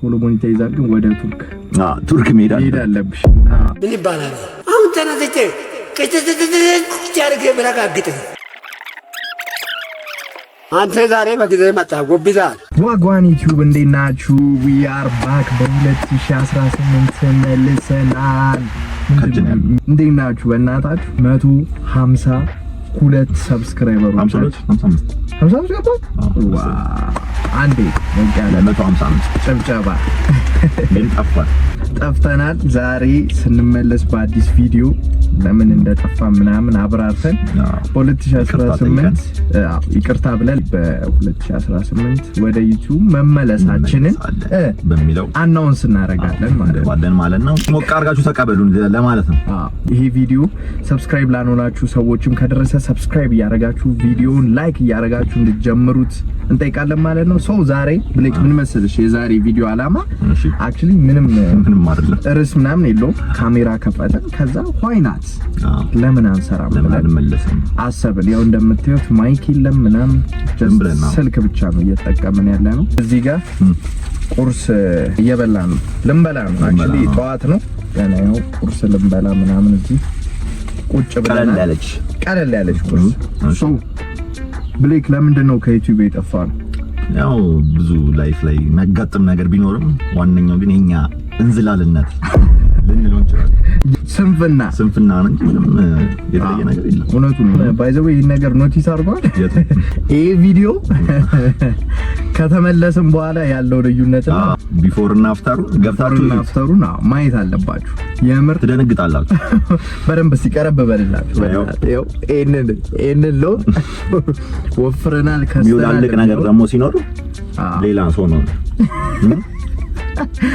ሶሎሞን ይተይዛል፣ ግን ወደ ቱርክ ቱርክ መሄድ አለብሽ። ምን ይባላል አሁን ተነስቼ ያርግ ብረጋግጥ አንተ ዛሬ በጊዜ መጣ ጎብዛል። ዋጓን ዩቲዩብ እንዴት ናችሁ? ዊአር ባክ በ2018 ተመልሰናል። እንዴት ናችሁ? በእናታችሁ መቶ ሀምሳ ሁለት ሰብስክራይበሮች 50 ገባ። አንዴ ሞቅ ያለ 155 ጭብጨባ ግን ጠፋል። ጠፍተናል። ዛሬ ስንመለስ በአዲስ ቪዲዮ ለምን እንደጠፋ ምናምን አብራርተን በ2018 ይቅርታ ብለን በ2018 ወደ ዩቱብ መመለሳችንን በሚለው አናውንስ እናደርጋለን ማለት ነው። ሞቅ አድርጋችሁ ተቀበሉን ለማለት ነው። ይሄ ቪዲዮ ሰብስክራይብ ላኖላችሁ ሰዎችም ከደረሰ ሰብስክራይብ እያደረጋችሁ ቪዲዮውን ላይክ እያደረጋችሁ እንድትጀምሩት እንጠይቃለን ማለት ነው። ሰው ዛሬ ብሌክ ምን መሰለሽ የዛሬ ቪዲዮ አላማ አክቹሊ ምንም ምንም አይደለም። ርዕስ ምናምን የለውም። ካሜራ ከፈተ። ከዛ ዋይናት ለምን አንሰራም ብለን አሰብን። ያው እንደምታዩት ማይክ የለም ምናምን፣ ስልክ ብቻ ነው እየተጠቀምን ያለ ነው። እዚህ ጋር ቁርስ እየበላ ነው ልንበላ ነው። አክቹሊ ጠዋት ነው ገና፣ ያው ቁርስ ልንበላ ምናምን እዚህ ቁጭ ብለናል። ቀለል ያለች ቀለል ያለች ቁርስ። እሱ ብሌክ ለምንድን ነው ከዩቲዩብ የጠፋ ነው? ያው ብዙ ላይፍ ላይ የሚያጋጥም ነገር ቢኖርም ዋነኛው ግን የኛ እንዝላልነት ልንለው እንችላለን። ስንፍና ስንፍና ነው እንጂ ምንም የተለየ ነገር የለም። እውነቱን ባይ ዘ ወይ ነገር ኖቲስ አድርጓል። ይሄ ቪዲዮ ከተመለስም በኋላ ያለው ልዩነት እና ቢፎር እና አፍተሩ ገብታችሁ እና አፍተሩ ማየት አለባችሁ። የምር ትደነግጣላችሁ። በደንብ ሲቀረብ በልላችሁ ይኸው ይሄንን ይሄንን ለው ወፍረናል ከሰናል ነገር ደግሞ ሲኖር ሌላ ሰው ነው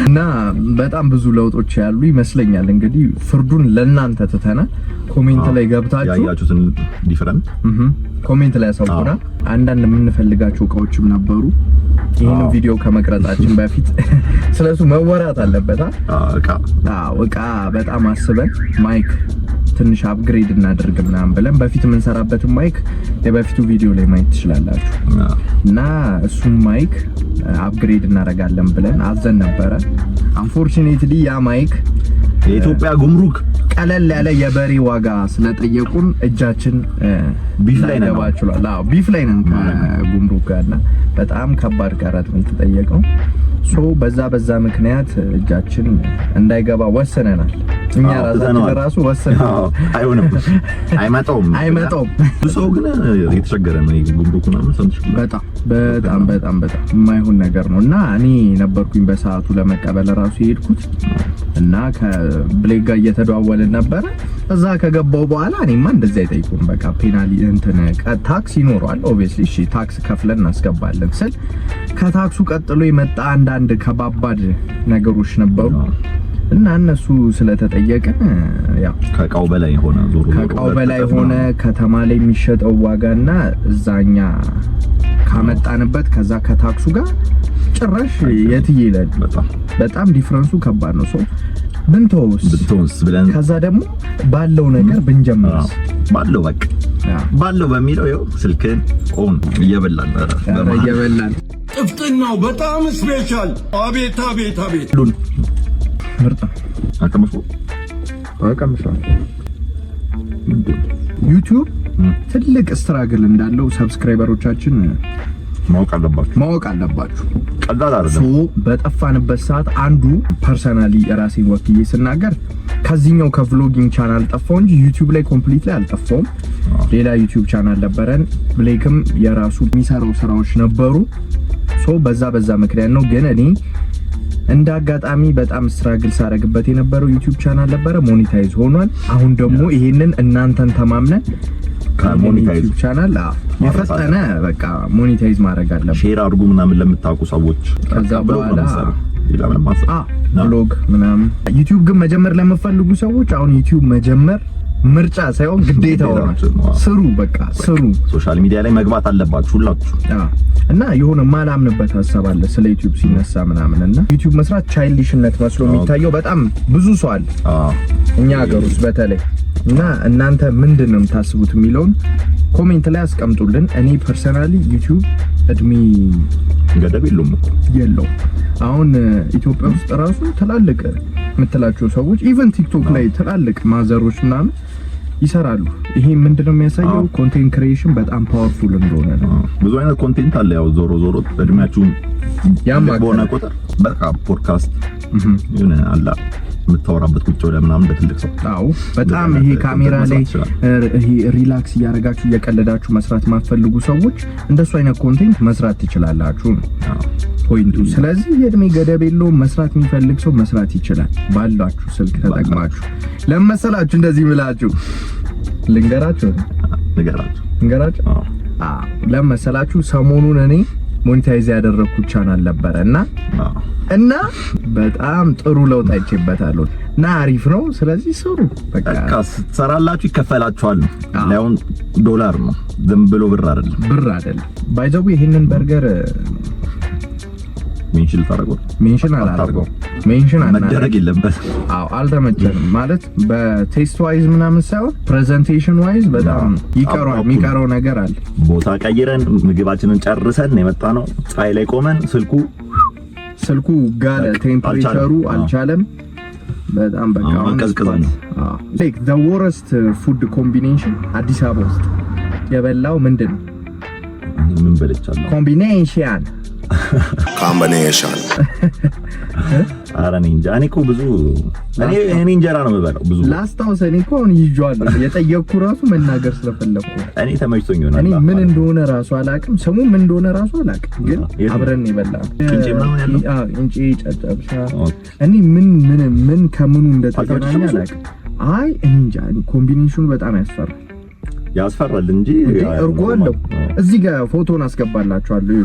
እና በጣም ብዙ ለውጦች ያሉ ይመስለኛል። እንግዲህ ፍርዱን ለእናንተ ትተናል ኮሜንት ላይ ገብታችሁ ኮሜንት ላይ ያሳውቁና አንዳንድ የምንፈልጋቸው እቃዎችም ነበሩ። ይህንም ቪዲዮ ከመቅረጻችን በፊት ስለሱ መወራት አለበት። እቃ በጣም አስበን ማይክ ትንሽ አፕግሬድ እናደርግ ምናምን ብለን በፊት የምንሰራበትን ማይክ የበፊቱ ቪዲዮ ላይ ማየት ትችላላችሁ። እና እሱም ማይክ አፕግሬድ እናደርጋለን ብለን አዘን ነበረ። አንፎርቹኔትሊ ያ ማይክ uh, የኢትዮጵያ ጉምሩክ ቀለል ያለ የበሬ ዋጋ ስለጠየቁን እጃችን ቢፍ ላይ ነው ቢፍ ላይ ነን ጉምሩክ ጋርና በጣም ከባድ ቀረጥ ነው የተጠየቀው። ሶ በዛ በዛ ምክንያት እጃችን እንዳይገባ ወሰነናል። እኛ ራሳችን ራሱ ወሰነናል። አይሆንም፣ አይመጣውም፣ አይመጣውም። ብዙ ሰው ግን የተቸገረ ነው። ጉምሩክ ምናምን በጣም በጣም በጣም በጣም የማይሆን ነገር ነው እና እኔ ነበርኩኝ በሰዓቱ ለመቀበል ራሱ የሄድኩት እና ከብሌክ ጋር እየተደዋወልን ነበረ። እዛ ከገባው በኋላ እኔማ እንደዚህ አይጠይቁም። በቃ ፔናሊ እንትን ታክስ ይኖረዋል ኦብቪየስሊ። እሺ ታክስ ከፍለን እናስገባለን ስል ከታክሱ ቀጥሎ የመጣ አንዳንድ ከባባድ ነገሮች ነበሩ እና እነሱ ስለተጠየቀ ያው ከእቃው በላይ ሆነ፣ ዞሮ ከእቃው በላይ ሆነ። ከተማ ላይ የሚሸጠው ዋጋና እዛኛ ካመጣንበት ከዛ ከታክሱ ጋር ጭራሽ የትዬ ይላል። በጣም ዲፍረንሱ ከባድ ነው። ሰው ብንተውስ ብንተውስ ብለን ከዛ ደግሞ ባለው ነገር ብንጀምርስ ባለው በቃ ባለው በሚለው ይኸው ስልክን ቆም እየበላን እየበላን ጥፍጥናው በጣም ስፔሻል። አቤት አቤት አቤት ሉን ምርጥ አቀምሶ አቀምሶ ዩቲዩብ ትልቅ ስትራግል እንዳለው ሰብስክራይበሮቻችን ማወቅ አለባችሁ ማወቅ አለባችሁ። ቀላል አይደለም። በጠፋንበት ሰዓት አንዱ ፐርሰናሊ ራሴን ወክዬ ስናገር ከዚህኛው ከቭሎጊንግ ቻናል ጠፋው እንጂ ዩቲዩብ ላይ ኮምፕሊት ላይ አልጠፋውም። ሌላ ዩቲዩብ ቻናል ነበረን። ብሌክም የራሱ የሚሰራው ስራዎች ነበሩ። ሶ በዛ በዛ ምክንያት ነው። ግን እኔ እንደ አጋጣሚ በጣም ስትራግል ሳደርግበት የነበረው ዩቲዩብ ቻናል ነበረ። ሞኔታይዝ ሆኗል። አሁን ደግሞ ይሄንን እናንተን ተማምነን ሞኒታይዝ ቻናል የፈጠነ በቃ ሞኒታይዝ ማድረግ አለበት። ሼር አድርጉ ምናምን ለምታውቁ ሰዎች ከዛ በኋላ ብሎግ ምናምን። ዩቲዩብ ግን መጀመር ለምፈልጉ ሰዎች አሁን ዩቲዩብ መጀመር ምርጫ ሳይሆን ነው። ስሩ፣ በቃ ስሩ። ሶሻል ሚዲያ ላይ መግባት አለባችሁ ሁላችሁ። እና የሆነ ማላምንበት ሀሳብ አለ ስለ ዩቲዩብ ሲነሳ ምናምን እና ዩቲዩብ መስራት ቻይልድሽነት መስሎ የሚታየው በጣም ብዙ ሰው አለ እኛ ሀገር ውስጥ በተለይ እና እናንተ ምንድን ነው የምታስቡት የሚለውን ኮሜንት ላይ አስቀምጡልን። እኔ ፐርሰናሊ ዩቲዩብ እድሜ ገደብ የለውም የለው። አሁን ኢትዮጵያ ውስጥ ራሱ ትላልቅ የምትላቸው ሰዎች ኢቨን ቲክቶክ ላይ ትላልቅ ማዘሮች ምናምን ይሰራሉ። ይሄ ምንድነው የሚያሳየው? ኮንቴንት ክሪኤሽን በጣም ፓወርፉል እንደሆነ ነው። ብዙ አይነት ኮንቴንት አለ። ያው ዞሮ ዞሮ እድሜያችሁን ያማከለ በሆነ ቁጥር በቃ ፖድካስት ሆነ አላ የምታወራበት ቁጭ ብለህ ምናምን በትልቅ ሰው። አዎ በጣም ይሄ ካሜራ ላይ ሪላክስ እያደረጋችሁ እየቀለዳችሁ መስራት የማትፈልጉ ሰዎች እንደሱ አይነት ኮንቴንት መስራት ትችላላችሁ። ፖይንቱ ስለዚህ የእድሜ ገደብ የለውም። መስራት የሚፈልግ ሰው መስራት ይችላል። ባላችሁ ስልክ ተጠቅማችሁ ለመሰላችሁ እንደዚህ ብላችሁ ልንገራችሁ ልንገራችሁ ልንገራችሁ ለመሰላችሁ ሰሞኑን እኔ ሞኒታይዝ ያደረግኩት ቻናል ነበረ እና እና በጣም ጥሩ ለውጥ አይቼበታለሁ እና አሪፍ ነው። ስለዚህ ስሩ፣ በቃ ስትሰራላችሁ ይከፈላችኋል። ላይሆን ዶላር ነው፣ ዝም ብሎ ብር አይደለም፣ ብር አይደለም። ባይዘው ይህንን በርገር ሜንሽን ታደርገው ሜንሽን አላደርገው ሜንሽን መደረግ የለበትም። አዎ አልተመቸንም ማለት በቴስት ዋይዝ ምናምን ሳይሆን ፕሬዘንቴሽን ዋይዝ በጣም የሚቀረው ነገር አለ። ቦታ ቀይረን ምግባችንን ጨርሰን የመጣ ነው። ፀሐይ ላይ ቆመን ስልኩ ስልኩ ጋለ፣ ቴምፕሬቸሩ አልቻለም። በጣም በቃ ቀዝቅዟል። ዘ ወረስት ፉድ ኮምቢኔሽን አዲስ አበባ ውስጥ የበላው ምንድን ነው? ምን በልቻለሁ ኮምቢኔሽን ካምባኔሽን አራኔ እንጃ። እኔ እኮ ብዙ እኔ እኔ እንጀራ ነው የምበላው ብዙ ላስታውስ። እኔ እኮ አሁን ይዤዋለሁ የጠየቅኩ ራሱ መናገር ስለፈለኩ እኔ ተመችቶኝ ይሆናል። እኔ ምን እንደሆነ ራሱ አላውቅም፣ ስሙ ምን እንደሆነ ራሱ አላውቅም፣ ግን አብረን የበላን እንጂ ምናምን ያለው እንጂ ጨጨብሻ እኔ ምን ምን ምን ከምኑ እንደተገናኘ አላውቅም። አይ እኔ እንጃ። ኮምቢኔሽኑ በጣም ያስፈራል ያስፈራል እንጂ እርጎ አለው። እዚህ ጋር ፎቶን አስገባላችኋለሁ።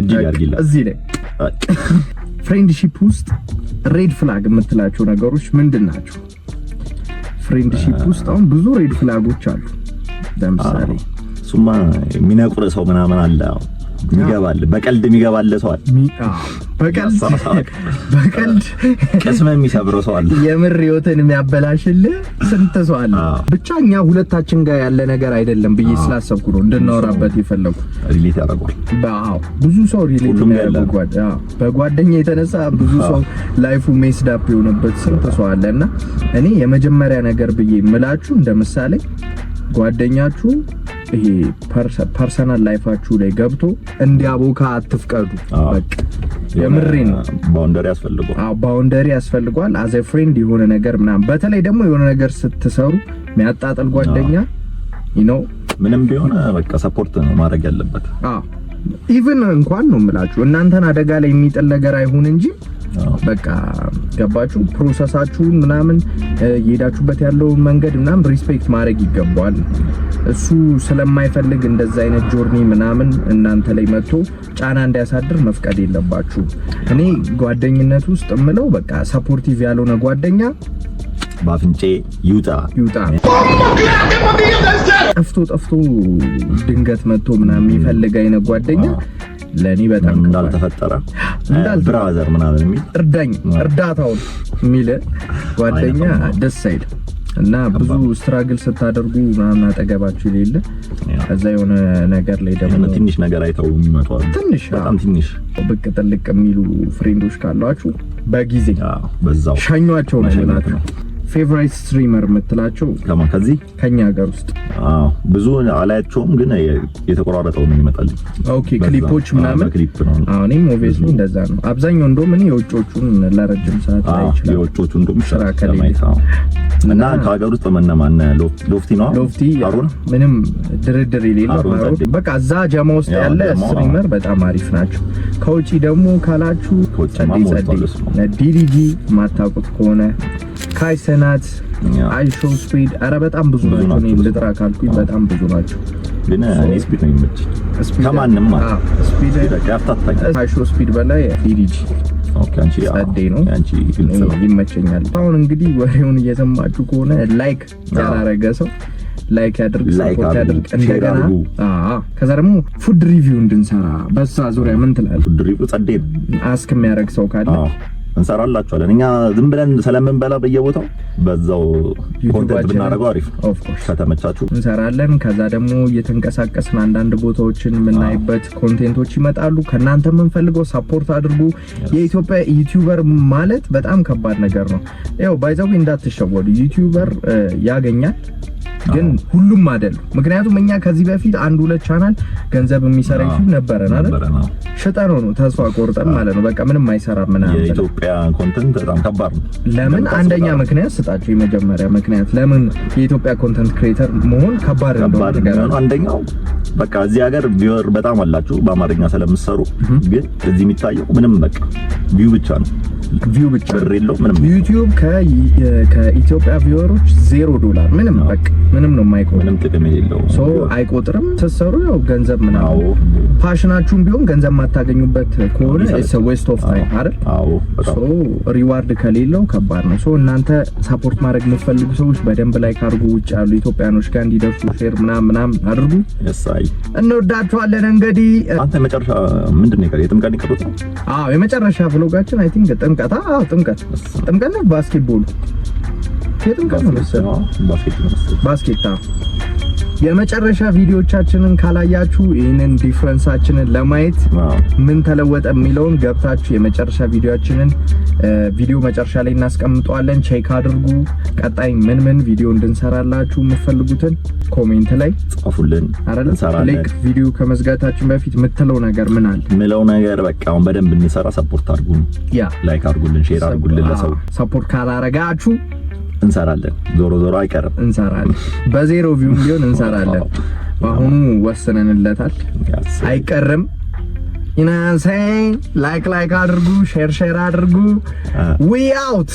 እጅ ያርግላ እዚህ ላይ ፍሬንድሺፕ ውስጥ ሬድ ፍላግ የምትላቸው ነገሮች ምንድን ናቸው? ፍሬንድሺፕ ውስጥ አሁን ብዙ ሬድ ፍላጎች አሉ። ለምሳሌ እሱማ የሚነቁር ሰው ምናምን አለ ይገባል። በቀልድ የሚገባል ሰው አለ። በቀልድ በቀልድ ቅስም የሚሰብረው ሰው አለ። የምር ህይወትን የሚያበላሽልህ ስንት ሰው አለ። ብቻ እኛ ሁለታችን ጋር ያለ ነገር አይደለም ብዬ ስላሰብኩ ነው እንድናወራበት የፈለኩ። ሪሌት ያደርጓል። አዎ ብዙ ሰው ሪሌት ያደርጓል። በጓደኛ የተነሳ ብዙ ሰው ላይፉ ሜስድ አፕ የሆነበት ስንት ሰው አለ። እና እኔ የመጀመሪያ ነገር ብዬ ምላችሁ እንደምሳሌ ምሳሌ ጓደኛችሁ ይሄ ፐርሰናል ላይፋችሁ ላይ ገብቶ እንዲያቦካ አትፍቀዱ። በቃ የምሬ ባውንደሪ ያስፈልጓል። አዎ ባውንደሪ ያስፈልጓል። አዘ ፍሬንድ የሆነ ነገር ምናምን፣ በተለይ ደግሞ የሆነ ነገር ስትሰሩ የሚያጣጥል ጓደኛ ነው ምንም ቢሆን በቃ ሰፖርት ማድረግ ያለበት። አዎ ኢቭን እንኳን ነው የምላችሁ እናንተን አደጋ ላይ የሚጥል ነገር አይሁን እንጂ በቃ ገባችሁ። ፕሮሰሳችሁን ምናምን እየሄዳችሁበት ያለውን መንገድ ምናምን ሪስፔክት ማድረግ ይገባዋል። እሱ ስለማይፈልግ እንደዛ አይነት ጆርኒ ምናምን እናንተ ላይ መጥቶ ጫና እንዳያሳድር መፍቀድ የለባችሁ። እኔ ጓደኝነት ውስጥ የምለው በቃ ሰፖርቲቭ ያልሆነ ጓደኛ ባፍንጬ ይውጣ ይውጣ። ጠፍቶ ጠፍቶ ድንገት መጥቶ ምናምን የሚፈልግ አይነት ጓደኛ ለእኔ በጣም እንዳልተፈጠረ ብራዘር ምናምን የሚል እርዳኝ እርዳታውን የሚል ጓደኛ ደስ አይል እና ብዙ ስትራግል ስታደርጉ ምናምን አጠገባችሁ የሌለ ከዛ የሆነ ነገር ላይ ደግሞ ትንሽ ነገር አይተው የሚመጡ ትንሽ በጣም ትንሽ ብቅ ጥልቅ የሚሉ ፍሬንዶች ካሏችሁ በጊዜ በዛው ሸኟቸው ነው። ፌቨራይት ስትሪመር የምትላቸው ከማን ከዚህ ከኛ ሀገር ውስጥ? አዎ ብዙ አላያቸውም፣ ግን የተቆራረጠው ምን ይመጣልኝ። ኦኬ ክሊፖች ምናምን ክሊፕ ነው። አዎ እኔም ኦብቪየስሊ እንደዛ ነው። አብዛኛው እንደውም እኔ የውጮቹን ለረጅም ሰዓት ላይ ይችላል። የውጮቹ እንደውም ስራ ከሌለ እና ከሀገር ውስጥ መነማን ሎፍቲ ነው ሎፍቲ አሩን ምንም ድርድር የሌለው በቃ እዛ ጀማ ውስጥ ያለ ስትሪመር በጣም አሪፍ ናቸው። ከውጪ ደግሞ ካላችሁ ጸዴ ጸዴ ዲዲጂ ማታውቁት ከሆነ ካይ ሰናት አይ ሾው ስፒድ፣ ኧረ በጣም ብዙ ናቸው። እኔ ልጥራ ካልኩኝ በጣም ብዙ ናቸው። ግን እኔ ስፒድ ነው የሚመችኝ ከማንም ማለት ስፒድ ያፍታታኝ። አይ ሾው ስፒድ በላይ ዲጂ ጸዴ ነው ይመቸኛል። አሁን እንግዲህ ወሬውን እየሰማችሁ ከሆነ ላይክ ያላረገ ሰው ላይክ ያድርግ፣ ሰፖርት ያድርግ። እንደገና ከዛ ደግሞ ፉድ ሪቪው እንድንሰራ በሳ ዙሪያ ምን ትላለህ? ፉድ ሪቪው ጸዴ አስክ የሚያደርግ ሰው ካለ እንሰራላችኋለን። እኛ ዝም ብለን ስለምንበላ በየቦታው በዛው ኮንቴንት ብናደርገው አሪፍ ነው። ከተመቻችሁ እንሰራለን። ከዛ ደግሞ እየተንቀሳቀስን አንዳንድ ቦታዎችን የምናይበት ኮንቴንቶች ይመጣሉ። ከእናንተ የምንፈልገው ሰፖርት አድርጉ። የኢትዮጵያ ዩቲዩበር ማለት በጣም ከባድ ነገር ነው። ያው ባይዘዊ እንዳትሸወዱ፣ ዩቲዩበር ያገኛል ግን ሁሉም አይደል። ምክንያቱም እኛ ከዚህ በፊት አንድ ሁለት ቻናል ገንዘብ የሚሰራ ዩቲዩብ ነበረን አይደል? ሽጠን ነው ተስፋ ቆርጠን ማለት ነው። በቃ ምንም አይሰራም ምናምን። የኢትዮጵያ ኮንተንት በጣም ከባድ ነው። ለምን አንደኛ ምክንያት ስጣቸው። የመጀመሪያ ምክንያት ለምን የኢትዮጵያ ኮንተንት ክሬተር መሆን ከባድ እንደሆነ አንደኛው በቃ እዚህ ሀገር ቪወር በጣም አላችሁ በአማርኛ ስለምሰሩ፣ ግን እዚህ የሚታየው ምንም በቃ ቪው ብቻ ነው። ቪው ብቻ ብር የለው ምንም። ዩቲዩብ ከኢትዮጵያ ቪወሮች ዜሮ ዶላር ምንም በቃ ምንም ነው የማይቆጥር ምንም ጥቅም የሌለው ሶ አይቆጥርም። ስትሰሩ ያው ገንዘብ ምናው ፓሽናችሁም ቢሆን ገንዘብ ማታገኙበት ከሆነ ዌስት ኦፍ ታይም አይደል? አዎ ሶ ሪዋርድ ከሌለው ከባድ ነው። ሶ እናንተ ሳፖርት ማድረግ የምትፈልጉ ሰዎች በደንብ ላይ ካርጎ ውጭ ያሉ ኢትዮጵያኖች ጋር እንዲደርሱ ሼር ምናምን ምናምን አድርጉ። እንወዳችኋለን። እንግዲህ አንተ መጨረሻ ምንድን ነው የጥምቀት ይቀር? አዎ የመጨረሻ ፍሎጋችን አይ ቲንክ ጥምቀት። አዎ ጥምቀት ጥምቀት ነው። ባስኬትቦል የጥምቀት ነው መሰለኝ። ባስኬት ባስኬት የመጨረሻ ቪዲዮቻችንን ካላያችሁ ይህንን ዲፍረንሳችንን ለማየት ምን ተለወጠ የሚለውን ገብታችሁ የመጨረሻ ቪዲዮችንን ቪዲዮ መጨረሻ ላይ እናስቀምጠዋለን። ቼክ አድርጉ። ቀጣይ ምን ምን ቪዲዮ እንድንሰራላችሁ የምትፈልጉትን ኮሜንት ላይ ጻፉልን። ላይክ ቪዲዮ ከመዝጋታችን በፊት የምትለው ነገር ምን አለ ምለው ነገር በቃ አሁን በደንብ እንሰራ። ሰፖርት አድርጉን፣ ላይክ አድርጉልን፣ ሼር አድርጉልን። ለሰው ሰፖርት ካላረጋችሁ እንሰራለን። ዞሮ ዞሮ አይቀርም እንሰራለን። በዜሮ ቪው ቢሆን እንሰራለን። በአሁኑ ወስነንለታል፣ አይቀርም። ዩናሳይን ላይክ ላይክ አድርጉ፣ ሼር ሼር አድርጉ። ዊ አውት